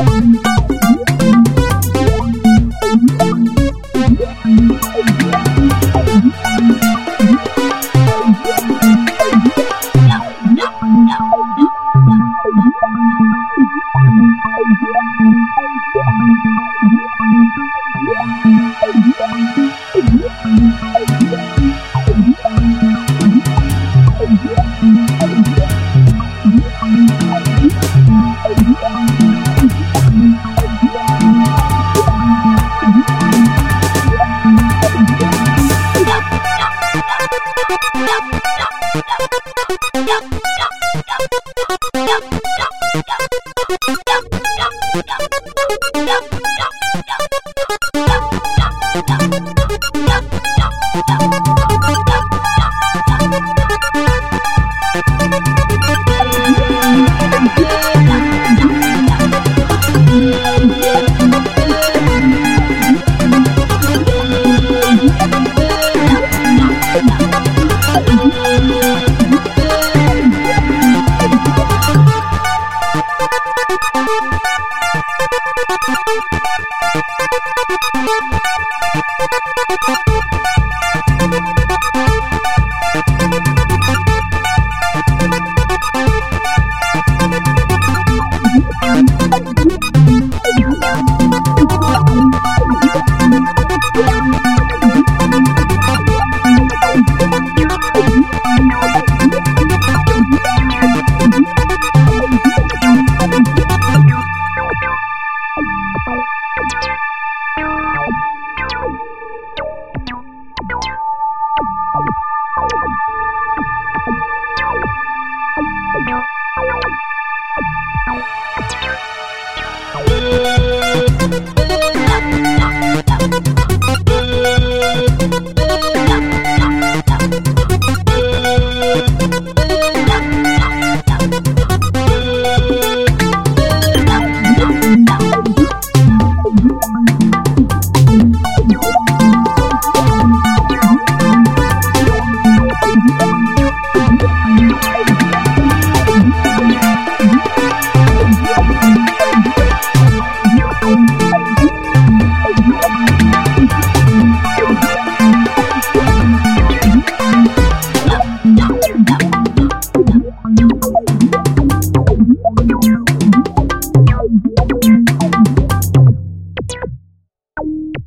Thank you. Yeah. Thank you. you